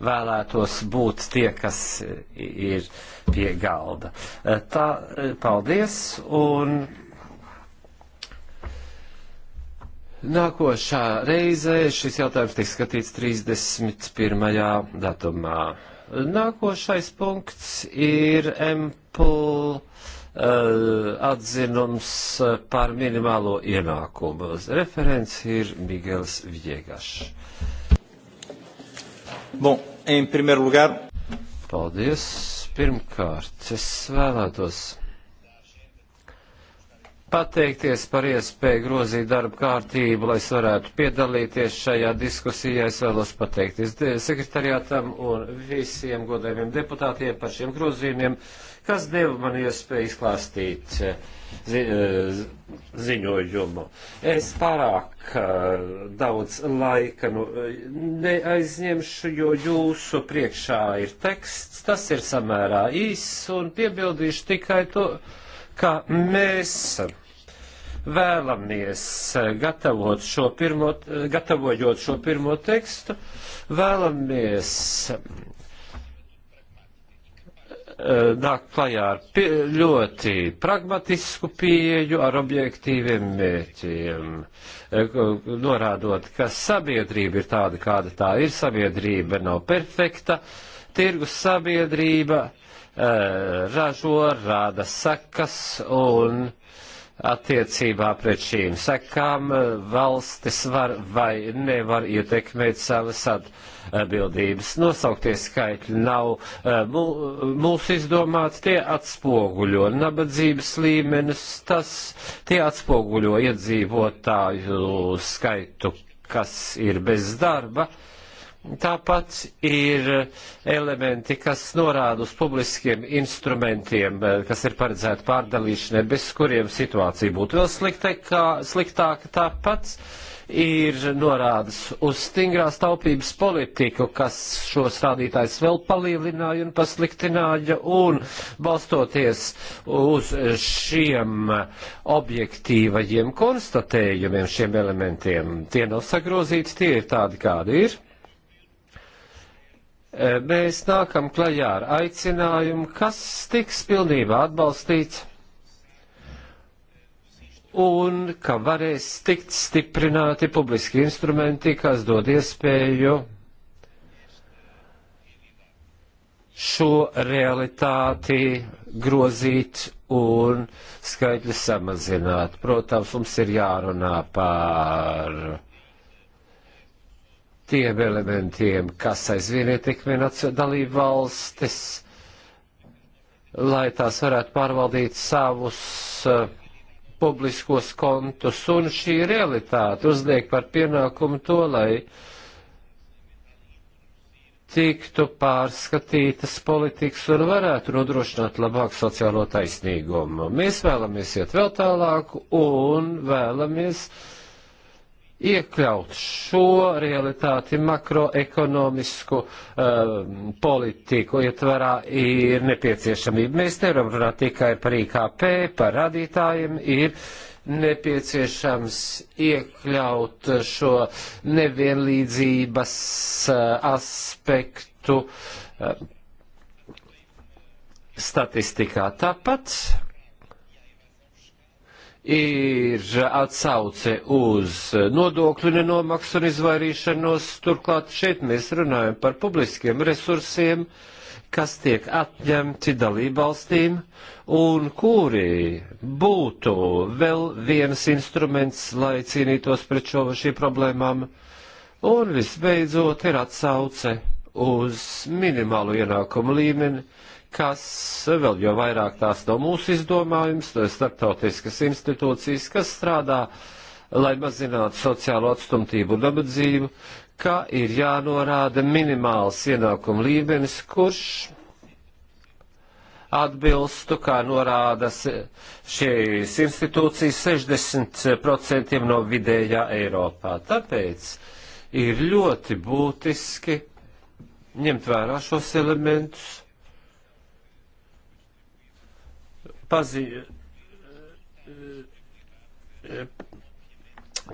vēlētos būt tie, kas ir pie galda. Tā, paldies, un nākošā reize šis jautājums tiks skatīts 31. datumā. Nākošais punkts ir MPL eh, atzinums par minimālo ienākumu. Referents ir Migels Viegašs. Bom, em primeiro lugar. Paldies. Pirmkārt, es vēlētos pateikties par iespēju grozīt darba kārtību, lai es varētu piedalīties šajā diskusijā. Es vēlos pateikties sekretariātam un visiem godējumiem deputātiem par šiem grozījumiem kas deva man iespēju izklāstīt eh, zi, eh, ziņojumu. Es pārāk eh, daudz laika nu, neaizņemšu, jo jūsu priekšā ir teksts, tas ir samērā īss, un piebildīšu tikai to, ka mēs vēlamies gatavot šo pirmo, gatavojot šo pirmo tekstu, vēlamies Eh, nāk klajā ar pie, ļoti pragmatisku pieeju, ar objektīviem mērķiem, eh, norādot, ka sabiedrība ir tāda, kāda tā ir, sabiedrība nav perfekta, tirgus sabiedrība eh, ražo, rāda sekas un attiecībā pret šīm sekām valstis var vai nevar ietekmēt savas atbildības. Nosauktie skaitļi nav eh, mūsu izdomāti, tie atspoguļo nabadzības līmenis, tas tie atspoguļo iedzīvotāju skaitu, kas ir bez darba. Uh, Tāpat ir elementi, kas norāda uz publiskiem instrumentiem, kas ir paredzēti pārdalīšanai, bez kuriem situācija būtu vēl sliktāka. sliktāka. Tāpat ir norādes uz stingrās taupības politiku, kas šos rādītājus vēl palielināja un pasliktināja, un balstoties uz šiem objektīvajiem konstatējumiem, šiem elementiem, tie nav sagrozīti, tie ir tādi, kādi ir mēs nākam klajā ar aicinājumu, kas tiks pilnībā atbalstīts un ka varēs tikt stiprināti publiski instrumenti, kas dod iespēju šo realitāti grozīt un skaitļi samazināt. Protams, mums ir jārunā par tiem elementiem, kas aizvien ietekmē dalību valstis, lai tās varētu pārvaldīt savus uh, publiskos kontus, un šī realitāte uzliek par pienākumu to, lai tiktu pārskatītas politikas un varētu nodrošināt labāku sociālo taisnīgumu. Mēs vēlamies iet vēl tālāk un vēlamies uh, iekļaut šo realitāti makroekonomisku um, politiku ietvarā ir nepieciešamība. Mēs nevaram runāt tikai par IKP, par radītājiem, ir nepieciešams iekļaut šo nevienlīdzības uh, aspektu uh, statistikā. Tāpat ir atsauce uz nodokļu nenomaksu un izvairīšanos. Turklāt šeit mēs runājam par publiskiem resursiem, kas tiek atņemti dalībvalstīm un kuri būtu vēl viens instruments, lai cīnītos pret šo šī problēmām. Un visbeidzot ir atsauce uz minimālu ienākumu līmeni, kas vēl jo vairāk tās no mūsu izdomājums, no starptautiskas institūcijas, kas strādā, lai mazinātu sociālo atstumtību un nabadzību, ka ir jānorāda minimāls ienākuma līmenis, kurš atbilstu, kā norāda šīs institūcijas, 60% no vidējā Eiropā. Tāpēc ir ļoti būtiski ņemt vērā šos elementus pazi,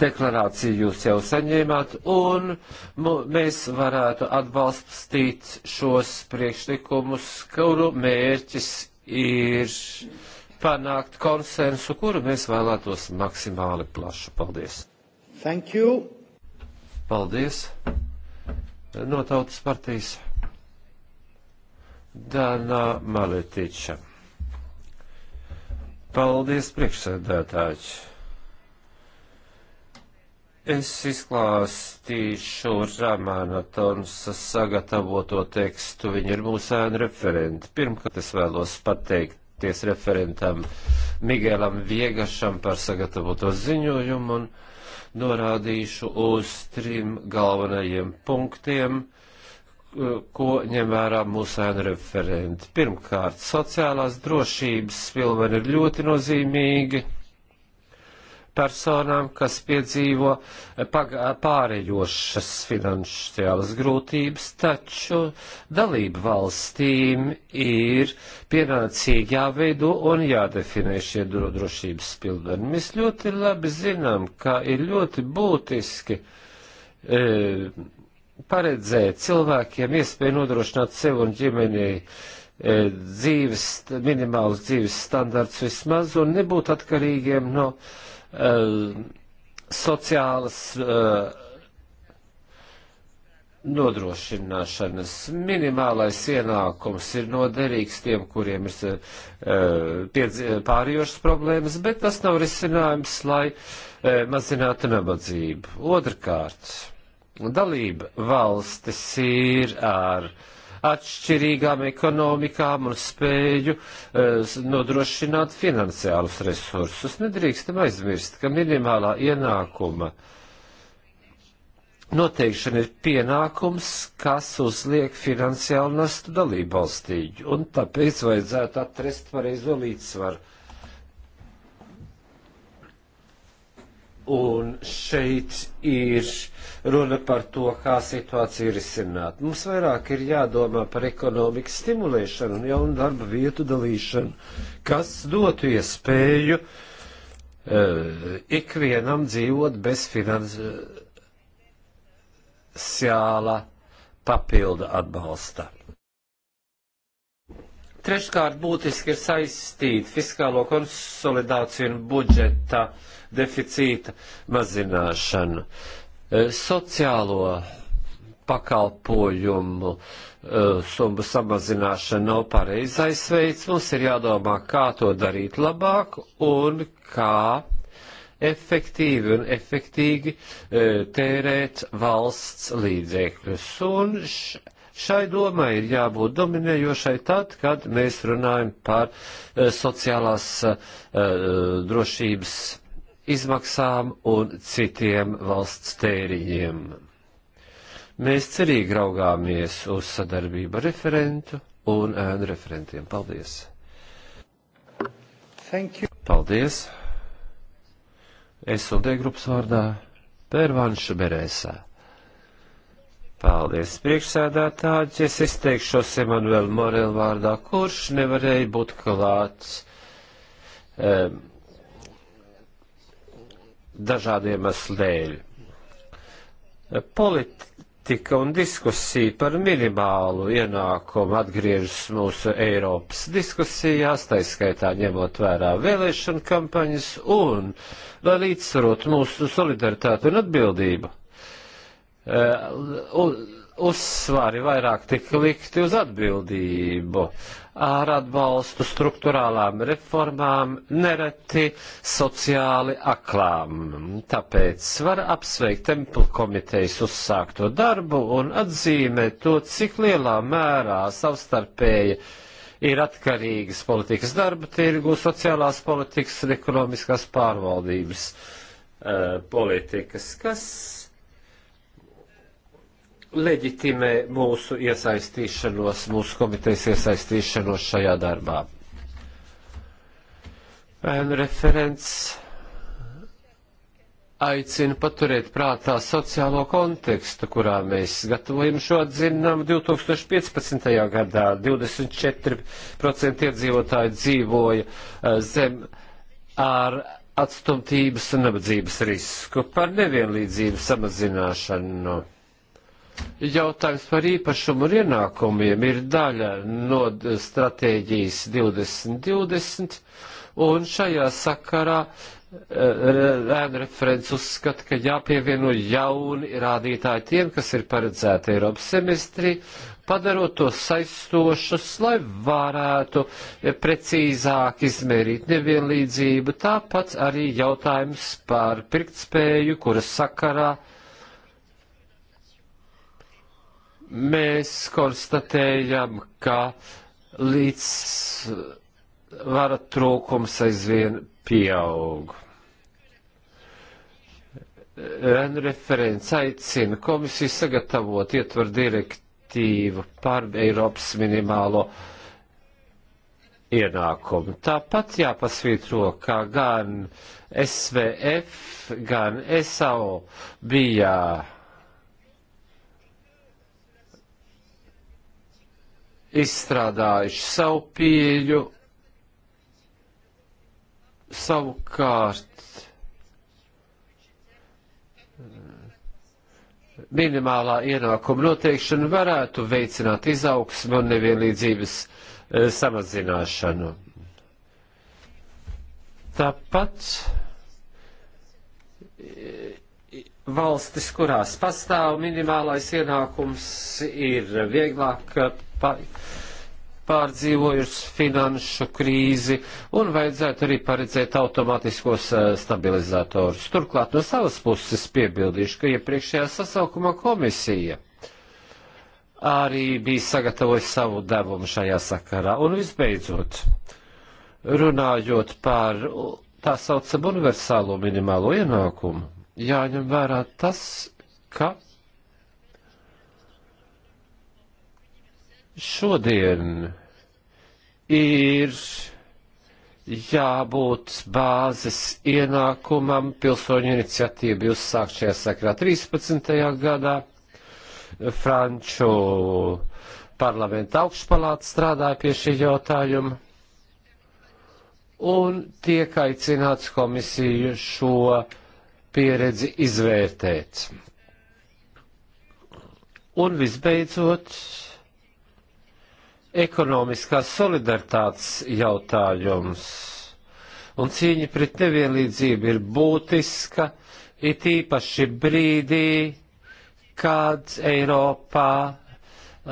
deklarāciju jūs jau saņēmāt, un mēs varētu atbalstīt šos priekšlikumus, kuru mērķis ir panākt konsensu, kuru mēs vēlētos maksimāli plašu. Paldies! Thank you! Paldies! No tautas partijas Dana Maletiča. Paldies, priekšsēdētāji! Es izklāstīšu Ramāna Tomsa sagatavoto tekstu, viņa ir mūsu ēna referenta. Pirmkārt, es vēlos pateikties referentam Miguelam Viegašam par sagatavoto ziņojumu un norādīšu uz trim galvenajiem punktiem. Uh, ko ņem vērā mūsu ēnu referenti. Pirmkārt, sociālās drošības filmēni ir ļoti nozīmīgi personām, kas piedzīvo pārējošas finansiālas grūtības, taču dalību valstīm ir pienācīgi jāveido un jādefinē šie drošības pilnvaru. Mēs ļoti labi zinām, ka ir ļoti būtiski e, paredzēt cilvēkiem iespēju nodrošināt sev un ģimeni e, dzīves, minimālus dzīves standarts vismaz un nebūt atkarīgiem no uh, sociālas uh, nodrošināšanas. Minimālais ienākums ir noderīgs tiem, kuriem ir uh, pārējošas problēmas, bet tas nav risinājums, lai uh, mazinātu nabadzību. Otrkārt dalība valstis ir ar atšķirīgām ekonomikām un spēju uh, nodrošināt finansiālus resursus. Nedrīkstam aizmirst, ka minimālā ienākuma noteikšana ir pienākums, kas uzliek finansiālu nastu dalību valstīju, un tāpēc vajadzētu atrast pareizo līdzsvaru. Un šeit ir runa par to, kā situāciju risināt. Mums vairāk ir jādomā par ekonomikas stimulēšanu un jaunu darba vietu dalīšanu, kas dotu iespēju uh, ikvienam dzīvot bez finansiāla papilda atbalsta. Treškārt, būtiski ir saistīt fiskālo konsolidāciju un budžeta deficīta mazināšanu. Uh, Eh, sociālo pakalpojumu eh, summu samazināšana nav pareizais veids. Mums ir jādomā, kā to darīt labāk un kā efektīvi un efektīgi eh, tērēt valsts līdzekļus. Un šai domai ir jābūt dominējošai tad, kad mēs runājam par sociālās drošības izmaksām un citiem valsts tēriņiem. Mēs cerīgi raugāmies uz sadarbību ar referentu un ēnu referentiem. Paldies! Thank you. Paldies! SLD grupas vārdā Pērvanša Berēsā. Paldies, priekšsēdētāji, es izteikšos Emanuelu Morelu vārdā, kurš nevarēja būt klāts. Um, dažādu iemeslu dēļ. Politika un diskusija par minimālu ienākumu atgriežas mūsu Eiropas diskusijās, taiskaitā ņemot vērā vēlēšanu kampaņas un, lai līdzsvarot mūsu solidaritāti un atbildību. Uh, eh, un, uzsvari vairāk tik likti uz atbildību. Ar atbalstu struktūrālām reformām nereti sociāli aklām. Tāpēc var apsveikt templu komitejas uzsākto darbu un atzīmēt to, cik lielā mērā savstarpēja ir atkarīgas politikas darba tirgu, sociālās politikas un ekonomiskās pārvaldības uh, politikas, kas leģitimē mūsu iesaistīšanos, mūsu komitejas iesaistīšanos šajā darbā. Un referents aicina paturēt prātā sociālo kontekstu, kurā mēs gatavojam šo atzinām 2015. gadā. 24% iedzīvotāji dzīvoja zem ar atstumtības un nabadzības risku par nevienlīdzību samazināšanu. No Jautājums par īpašumu un ienākumiem ir daļa no stratēģijas 2020, un šajā sakarā Lēna eh, referents uzskata, ka jāpievieno jauni rādītāji tiem, kas ir paredzēti Eiropas semestrī, padarot tos saistošus, lai varētu eh, precīzāk izmērīt nevienlīdzību. Tāpat arī jautājums par pirktspēju, kuras sakarā uh, mēs konstatējam, ka līdzsvara trūkums aizvien pieaug. Referents aicina komisiju sagatavot ietver direktīvu par Eiropas minimālo ienākumu. Tāpat jāpasvītro, ka gan SVF, gan SAO bija uh, izstrādājuši savu pieju, savukārt minimālā ienākuma noteikšana varētu veicināt izaugsmu un nevienlīdzības eh, samazināšanu. Tāpat eh, valstis, kurās pastāv minimālais ienākums, ir vieglāk pārdzīvojušas finanšu krīzi un vajadzētu arī paredzēt automātiskos eh, stabilizatorus. Turklāt no savas puses piebildīšu, ka iepriekšējā sasaukumā komisija arī bija sagatavojusi savu devumu šajā sakarā. Un visbeidzot, runājot par tā saucamu universālo minimālo ienākumu, jāņem vērā tas, ka Šodien ir jābūt bāzes ienākumam. Pilsoņu iniciatīva bija uzsākt šajā sakrā 13. gadā. Franču parlamenta augšpalāta strādāja pie šī jautājuma un tiek aicināts komisiju šo pieredzi izvērtēt. Un visbeidzot, ekonomiskās solidaritātes jautājums, un cīņa pret nevienlīdzību ir būtiska, it īpaši brīdī, kad Eiropā uh,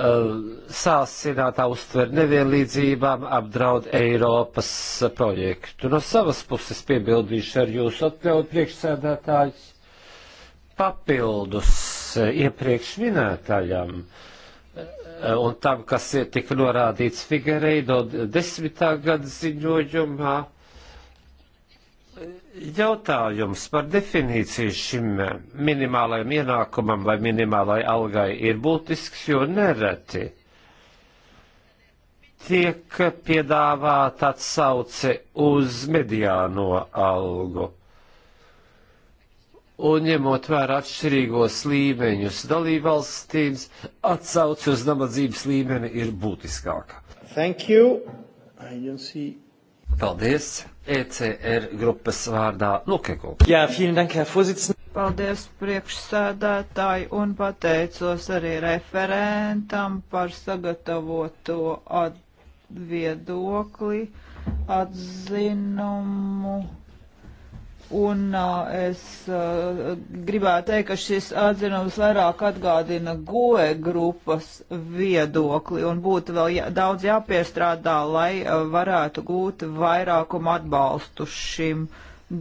sāsinātā uztver nevienlīdzībām apdraud Eiropas projektu. No savas puses piebildīšu ar jūsu atļauju priekšsēdētājus papildus uh, iepriekš minētājam. Uh, Eh, un tam, kas ir tik norādīts Figereido desmitā gada ziņojumā, jautājums par definīciju šim minimālajam ienākumam vai minimālajai algai ir būtisks, jo nereti tiek piedāvāta atsauce uz mediāno algu un ņemot vērā atšķirīgos līmeņus dalībvalstīms, atsauci uz nabadzības līmeni ir būtiskāka. Thank you. I don't see. Paldies. ECR grupas vārdā Lukekungs. Jā, vielen dank, Herr Vorsitzende. Paldies priekšsēdētāji un pateicos arī referentam par sagatavoto viedokli, atzinumu Un uh, es uh, gribētu teikt, ka šis atzinums vairāk atgādina goe grupas viedokli un būtu vēl jā, daudz jāpiestrādā, lai uh, varētu gūt vairākumu atbalstu šim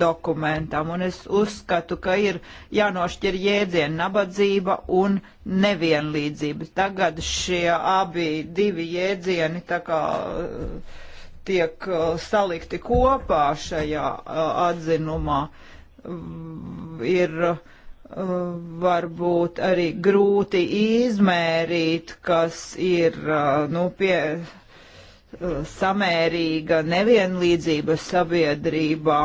dokumentam. Un es uzskatu, ka ir jānošķir jēdzieni nabadzība un nevienlīdzība. Tagad šie abi divi jēdzieni tā kā. Uh, tiek uh, salikti kopā šajā uh, atzinumā, ir uh, varbūt arī grūti izmērīt, kas ir, nu, pie samērīga nevienlīdzība sabiedrībā.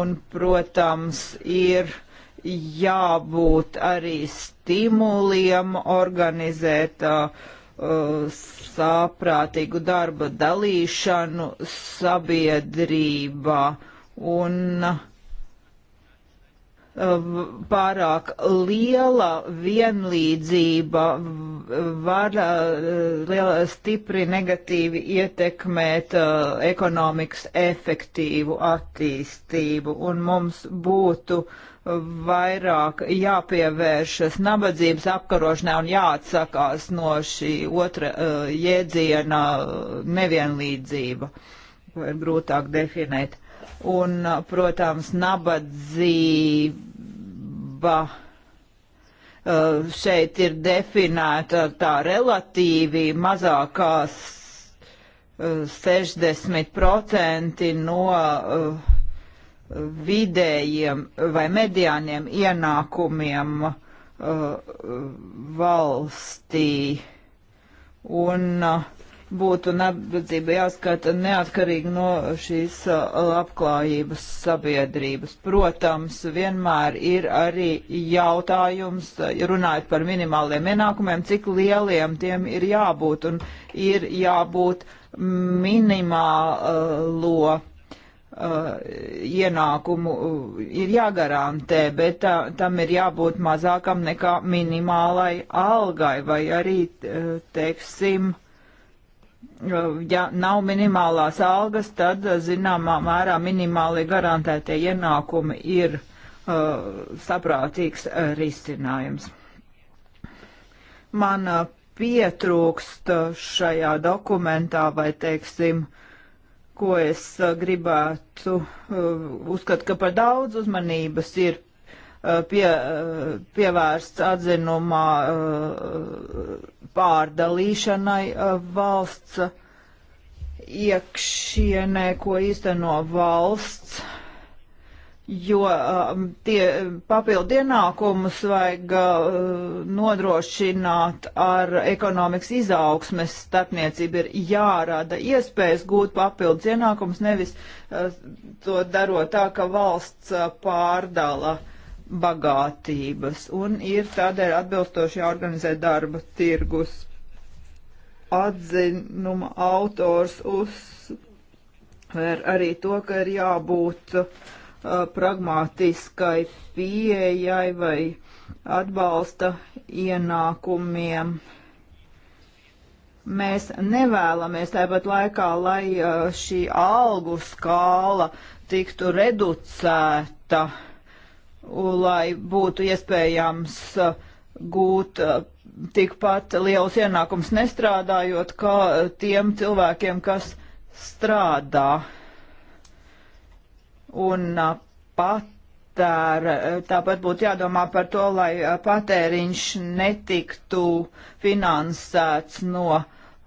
Un, protams, ir jābūt arī stimuliem organizēt uh, Uh, sāprātīgu darba dalīšanu sabiedrībā un uh, pārāk liela vienlīdzība var uh, liela, stipri negatīvi ietekmēt ekonomikas efektīvu attīstību, un mums būtu uh, vairāk jāpievēršas nabadzības apkarošanai un jāatsakās no šī otra uh, jēdziena uh, nevienlīdzība, ko ir grūtāk definēt. Un, uh, protams, nabadzība uh, šeit ir definēta tā relatīvi mazākās uh, 60% no uh, vidējiem vai mediāniem ienākumiem uh, valstī. Un uh, būtu nabadzība jāskata neatkarīgi no šīs uh, labklājības sabiedrības. Protams, vienmēr ir arī jautājums, uh, runājot par minimāliem ienākumiem, cik lieliem tiem ir jābūt un ir jābūt minimālo. Uh, Uh, ienākumu uh, ir jāgarantē, bet tā, tam ir jābūt mazākam nekā minimālai algai, vai arī, uh, teiksim, uh, ja nav minimālās algas, tad uh, zināmā mērā minimāli garantētie ienākumi ir uh, saprātīgs risinājums. Man pietrūkst šajā dokumentā vai, teiksim, uh, ko es uh, gribētu uh, uzskatu, ka par daudz uzmanības ir uh, pie, pievērsts atzinumā pārdalīšanai valsts iekšienē, ko īsteno valsts jo um, tie papildu ienākumus vajag uh, nodrošināt ar ekonomikas izaugsmes starpniecību. Ir jārada iespējas gūt papildus ienākumus, nevis uh, to darot tā, ka valsts uh, pārdala bagātības. Un ir tādēļ atbilstoši jāorganizē darba tirgus. Atzinuma autors uzsver arī to, ka ir jābūt uh, Uh, pragmātiskai pieejai vai atbalsta ienākumiem. Mēs nevēlamies tāpat laikā, lai uh, šī algu skāla tiktu reducēta, lai būtu iespējams uh, gūt tikpat liels ienākums nestrādājot, kā tiem cilvēkiem, kas strādā un pat patēra. Tāpat būtu jādomā par to, lai patēriņš netiktu finansēts no uh,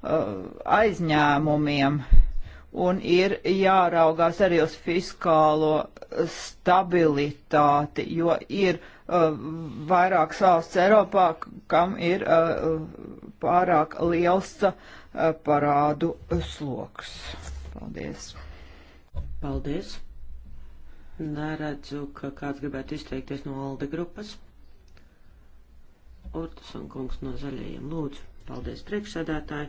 aizņēmumiem. Un ir jāraugās arī uz fiskālo stabilitāti, jo ir uh, vairākas valsts Eiropā, kam ir uh, pārāk liels parādu sloks. Paldies! Paldies! Neredzu, ka kāds gribētu izteikties no Alde grupas. Urtas un kungs no zaļajiem lūdzu. Paldies priekšsēdētāji.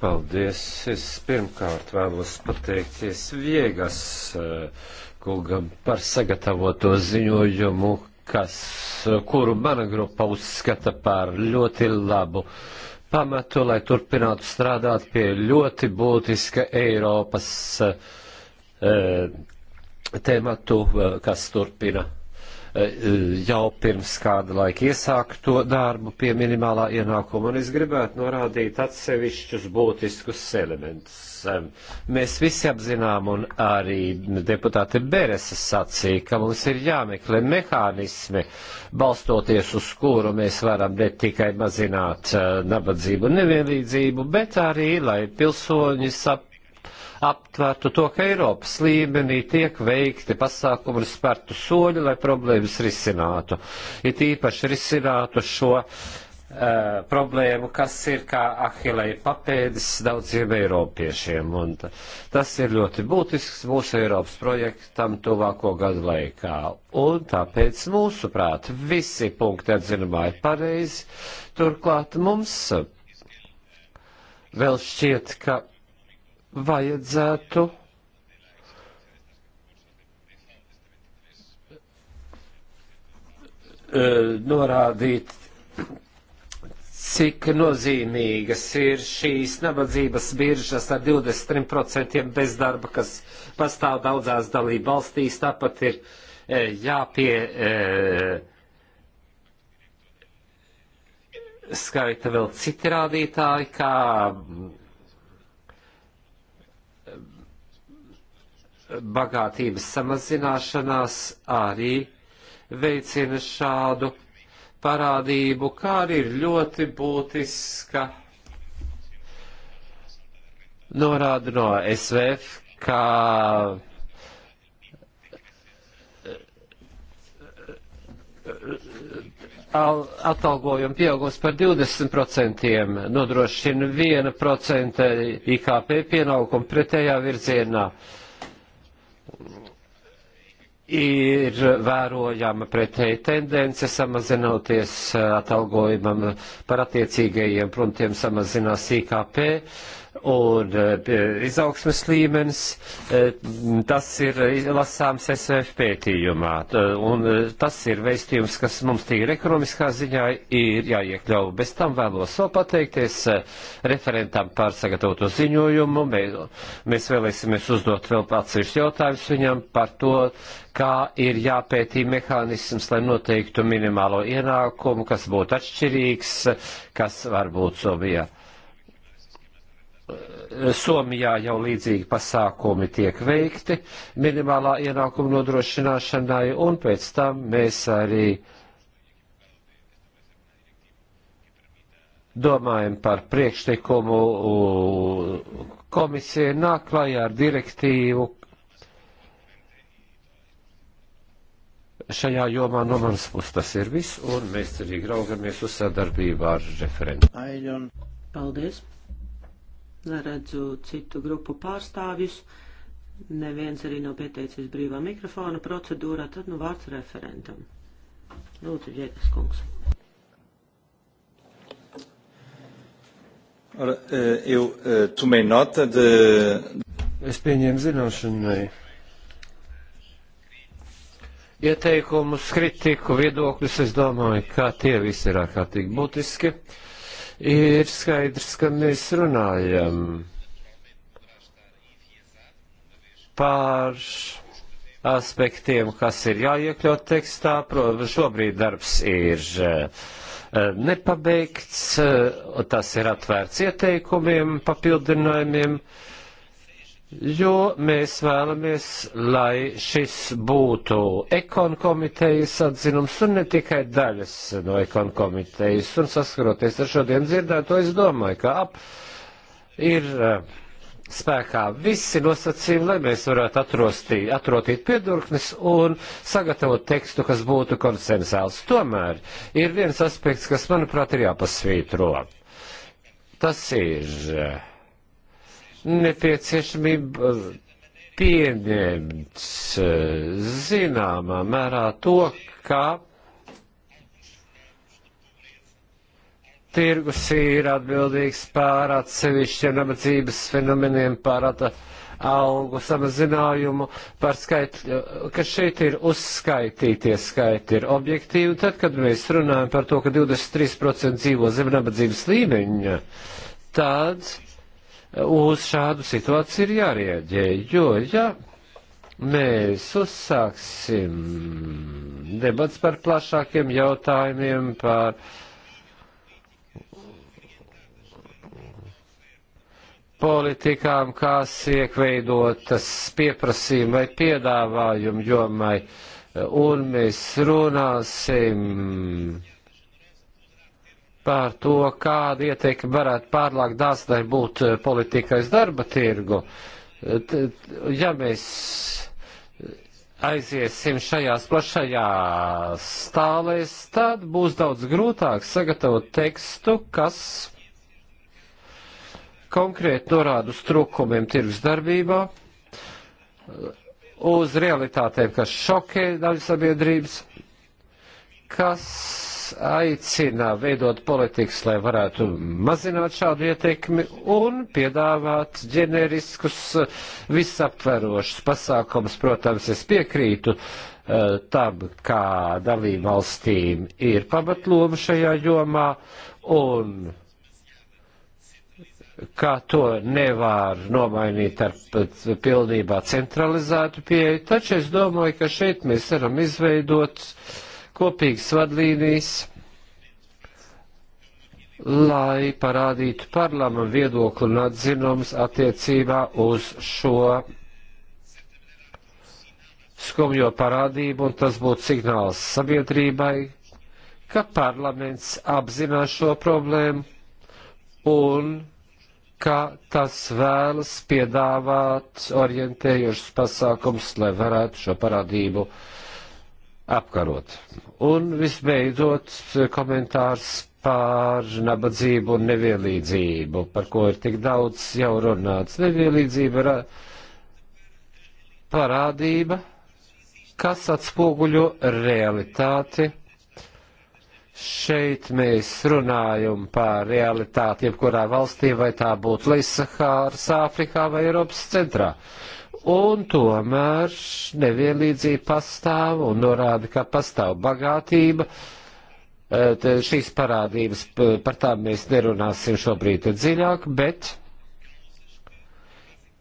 Paldies! Es pirmkārt vēlos pateikties Viegas eh, kungam par sagatavoto ziņojumu, kas, eh, kuru mana grupa uzskata par ļoti labu pamatu, lai turpinātu strādāt pie ļoti būtiska Eiropas uh, Eh, tematu, eh, kas turpina eh, jau pirms kāda laika iesākt to darbu pie minimālā ienākuma, un es gribētu norādīt atsevišķus būtiskus elementus. Mēs visi apzinām, un arī deputāte Bereses sacīja, ka mums ir jāmeklē mehānismi, balstoties uz kuru mēs varam ne tikai mazināt nabadzību un nevienlīdzību, bet arī, lai pilsoņi saprastu, aptvertu to, ka Eiropas līmenī tiek veikti pasākumi un spērtu soļi, lai problēmas risinātu. It īpaši risinātu šo uh, problēmu, kas ir kā ahilei papēdis daudziem eiropiešiem. Un tas ir ļoti būtisks mūsu Eiropas projektam tuvāko gadu laikā. Un tāpēc mūsuprāt visi punkti atzinumā ir pareizi. Turklāt mums vēl šķiet, ka vajadzētu eh, norādīt, cik nozīmīgas ir šīs nabadzības biržas ar 23% bezdarba, kas pastāv daudzās dalību valstīs. Tāpat ir eh, jāpie eh, skaita vēl citi rādītāji, kā bagātības samazināšanās arī veicina šādu parādību, kā arī ir ļoti būtiska norāda no SVF, kā eh, atalgojuma pieaugums par 20% nodrošina 1% IKP pienaukumu pretējā virzienā. Uh, ir vērojama pretēji tendence samazinoties atalgojumam par attiecīgajiem prontiem samazinās IKP un eh, izaugsmes līmenis, eh, tas ir lasāms SVF pētījumā. Eh, un tas ir veistījums, kas mums tīri ekonomiskā ziņā ir jāiekļauj. Bez tam vēlos vēl pateikties referentam par sagatavoto ziņojumu. Mēs vēlēsimies uzdot vēl atsevišķus jautājumus viņam par to, kā ir jāpētī mehānisms, lai noteiktu minimālo ienākumu, kas būtu atšķirīgs, kas varbūt Sobijā Somijā jau līdzīgi pasākumi tiek veikti minimālā ienākuma nodrošināšanai, un pēc tam mēs arī domājam par priekšlikumu komisija nāk klajā ar direktīvu šajā jomā no manas puses. Tas ir viss, un mēs cerīgi raugamies uz sadarbību ar referentu. Paldies! neredzu citu grupu pārstāvjus, neviens arī nav pieteicies brīvā mikrofona procedūrā, tad nu vārds referentam. Lūdzu, Jēkas kungs. Eh, eu eh, tomei nota de. Es pieņēmu zināšanai ieteikumus, kritiku, viedokļus. Es domāju, ka tie visi ir ārkārtīgi būtiski. Uh, ir skaidrs, ka mēs runājam par aspektiem, kas ir jāiekļaut tekstā. Šobrīd darbs ir eh, nepabeigts, eh, tas ir atvērts ieteikumiem, papildinājumiem. Uh, jo mēs vēlamies, lai šis būtu ekon komitejas atzinums un ne tikai daļas no ekon komitejas. Un saskaroties ar šodien dzirdēto, es domāju, ka ap ir eh, spēkā visi nosacījumi, lai mēs varētu atrosti, atrotīt piedurknes un sagatavot tekstu, kas būtu konsensāls. Tomēr ir viens aspekts, kas, manuprāt, ir jāpasvītro. Tas ir eh, nepieciešamība eh, pieņemt eh, zināmā mērā to, ka tirgus ir atbildīgs pār atsevišķiem nabadzības fenomeniem, pār atsevišķiem algu samazinājumu par skaitu, ka šeit ir uzskaitītie skaiti, ir objektīvi. Tad, kad mēs runājam par to, ka 23% dzīvo zem nabadzības līmeņa, tad uz šādu situāciju ir jārieģē, jo, ja mēs uzsāksim debats par plašākiem jautājumiem, par politikām, kas iekveidotas pieprasījuma vai piedāvājuma jomai, un mēs runāsim par to, kāda ieteikuma varētu pārlāk dāsnai būt eh, politikai uz darba tirgu. Eh, ja mēs aiziesim šajās plašajās stālēs, tad būs daudz grūtāk sagatavot tekstu, kas konkrēti norāda uz trūkumiem tirgus darbībā, uz realitātēm, kas šokē daļu sabiedrības, kas aicina veidot politikas, lai varētu mazināt šādu ietekmi un piedāvāt ģeneriskus, visaptverošus pasākumus. Protams, es piekrītu eh, tam, kā dalībvalstīm ir pamatloma šajā jomā un kā to nevar nomainīt ar pilnībā centralizētu pieeju, taču es domāju, ka šeit mēs varam izveidot uh, kopīgas vadlīnijas, lai parādītu parlama viedokli un atzinums attiecībā uz šo skumjo parādību, un tas būtu signāls sabiedrībai, ka parlaments apzinās šo problēmu un ka tas vēlas piedāvāt orientējušas pasākums, lai varētu šo parādību uh, apkarot. Un visbeidzot komentārs par nabadzību un nevienlīdzību, par ko ir tik daudz jau runāts. Nevienlīdzība ir parādība, kas atspoguļo realitāti. Šeit mēs runājam par realitāti jebkurā valstī, vai tā būtu Lisahāras, Āfrikā vai Eiropas centrā un tomēr nevienlīdzība pastāv un norāda, ka pastāv bagātība. E, šīs parādības, par tām mēs nerunāsim šobrīd dziļāk, bet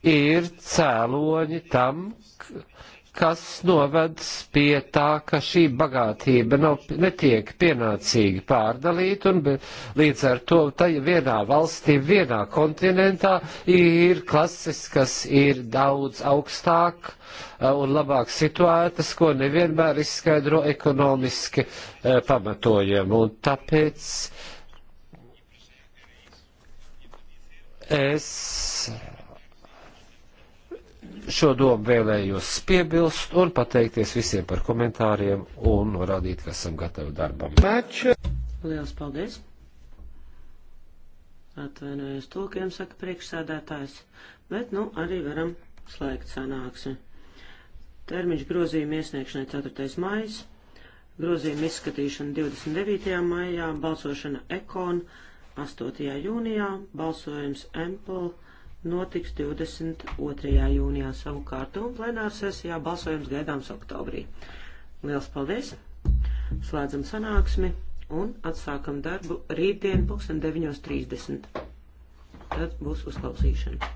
ir cēloņi tam, kas noved pie tā, ka šī bagātība nav, netiek pienācīgi pārdalīta, un līdz ar to tajā vienā valstī, vienā kontinentā ir klases, kas ir daudz augstāk eh, un labāk situētas, ko nevienmēr izskaidro ekonomiski eh, pamatojumi. Un tāpēc es šo domu vēlējos piebilst un pateikties visiem par komentāriem un norādīt, ka esam gatavi darbam. Maču. Liels paldies! Atvainojos tūkiem, saka priekšsādātājs, bet nu arī varam slēgt sanāksmi. Termiņš grozījuma iesniegšanai 4. maijas, grozījuma izskatīšana 29. maijā, balsošana ekon 8. jūnijā, balsojums Empel notiks 22. jūnijā savukārt, un plenāra sesijā balsojums gaidāms oktobrī. Liels paldies! Slēdzam sanāksmi un atsākam darbu rītdien 19.30. Tad būs uzklausīšana.